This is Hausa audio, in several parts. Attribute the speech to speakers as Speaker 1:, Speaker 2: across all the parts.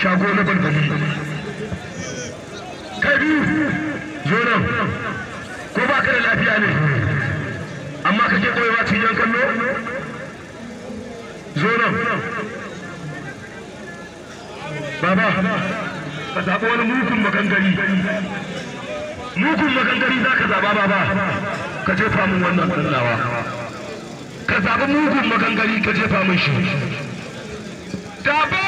Speaker 1: shago na barkali kai biyu zo nan ko ba ka da lafiya ne amma ka ke koyewa cikin yan kallo zo nan baba ka zaɓi wani mukun magangari mukun magangari za ka zaɓa baba ka jefa min wannan ɗannawa ka zaɓi mugun magangari ka jefa min shi Dabo!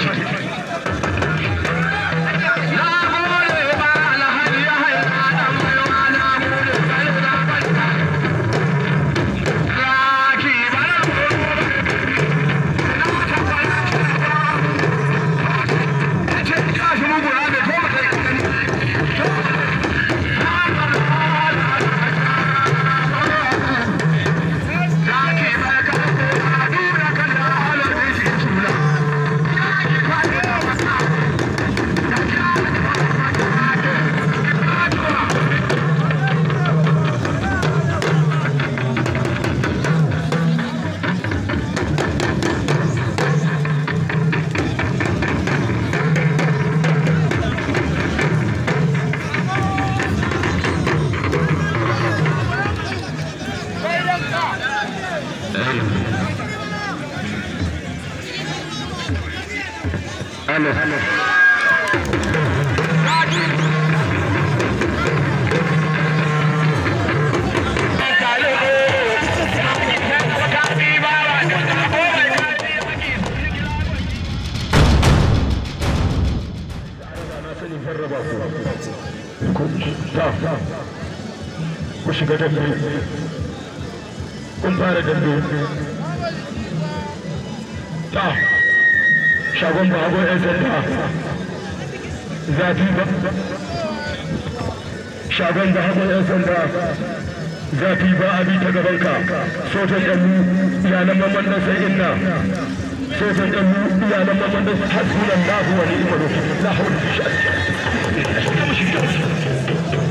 Speaker 1: ku shiga dambe kun fara dambe ta shagon ba hagon yan sanda zafi ba shagon ba yan sanda zafi ba abi ta gabanka sojan ɗanmu iyalan mamman na sai inna sojan ɗanmu iyalan mamman na hasunan lahu wa ni'imar la hawla よ し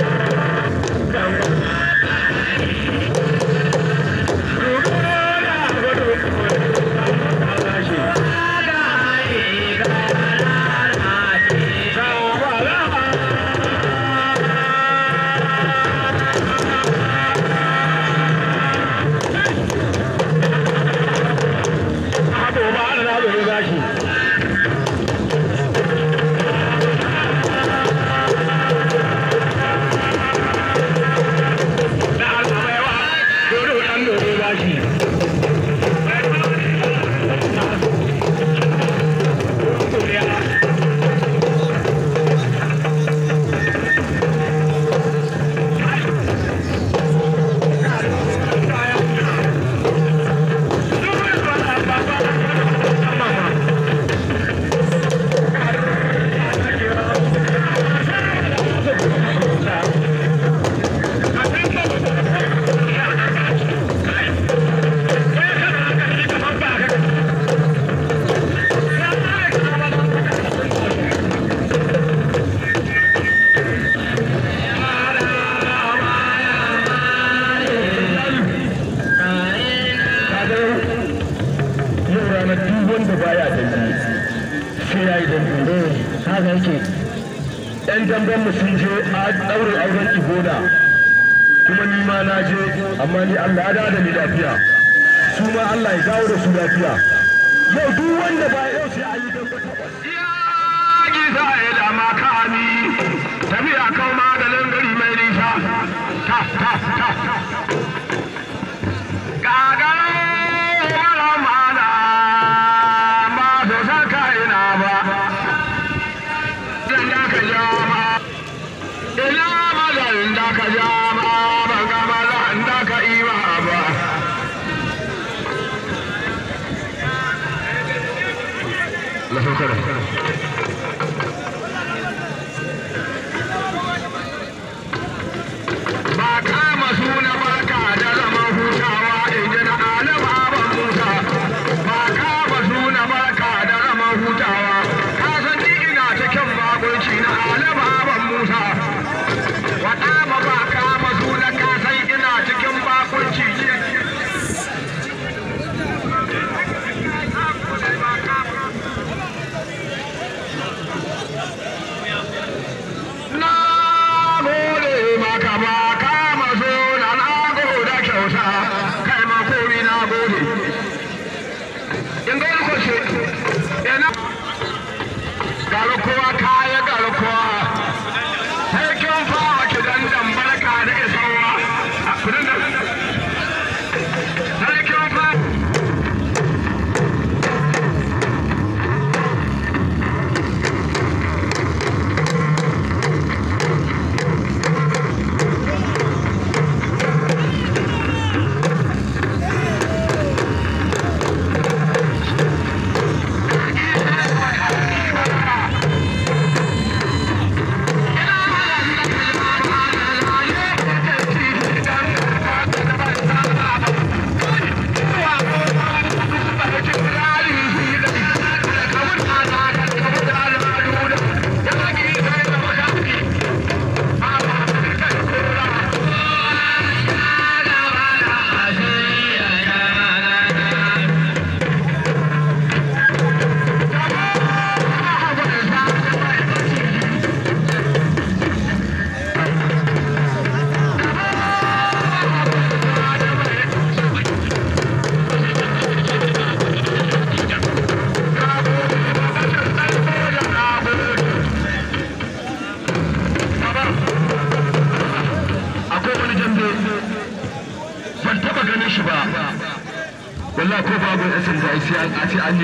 Speaker 1: ya yi dambe eh, haka yake yan damben mu sun je a ɗaurin auren iboda kuma ni ma na je amma ni allah ya da ni lafiya su ma allah ya dawo da su lafiya yau duk wanda ba yau sai a yi dambe takwas. Yaƙi za a yi da makami tafiya kauma da langari mai nisa ta ta ta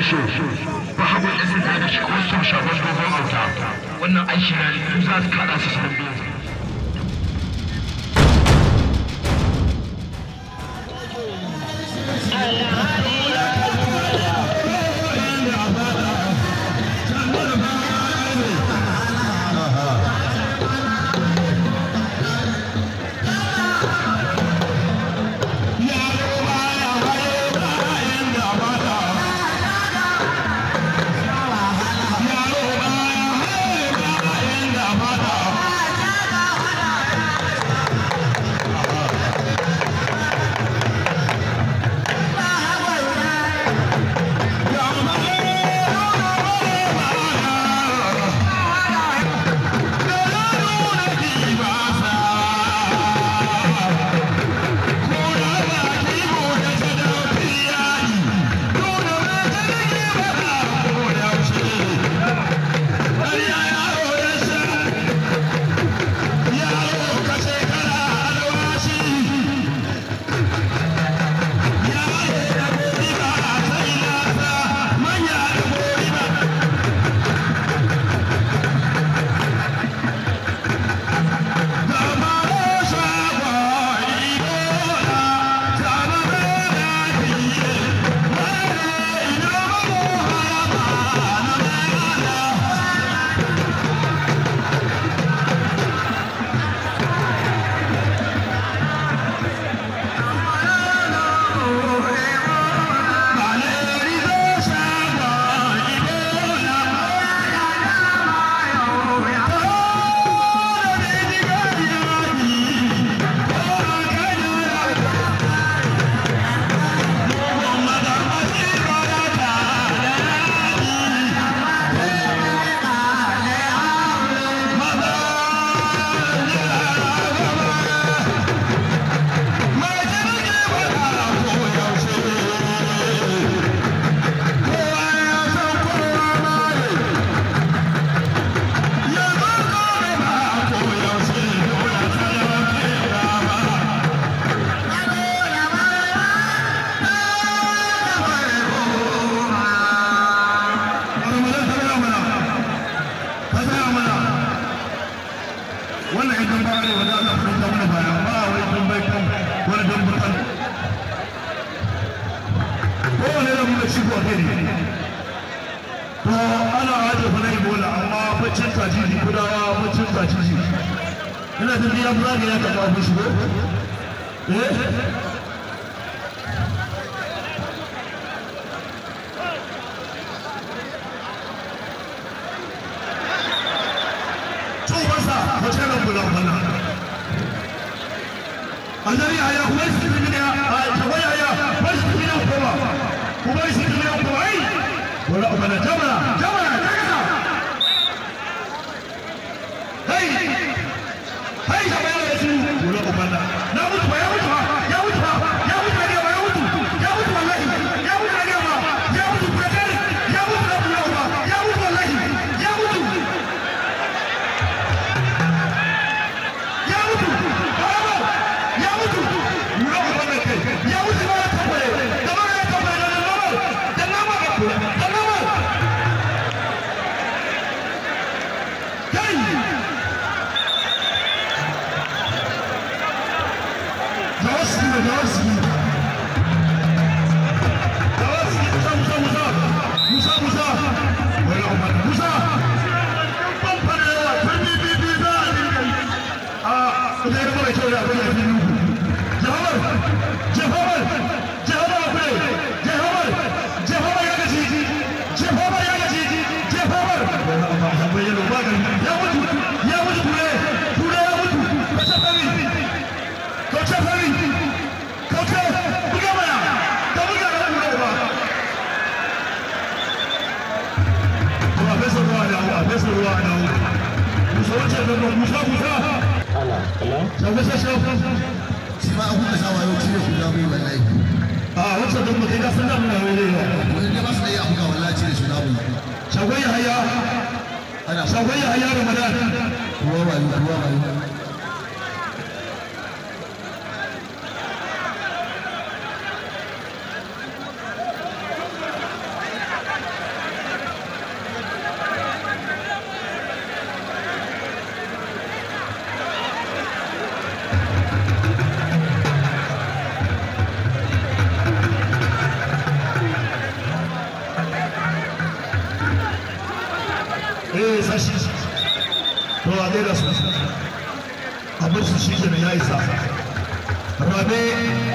Speaker 1: so ba haɓar ƙasar da aka ce wasu shabar dogon auta wannan aiki na za su kaɗa su sanar yapılar gerek yapmıştır. Evet. Madison akwai yahaya ramadan kuwa wani kuwa wani isa rabe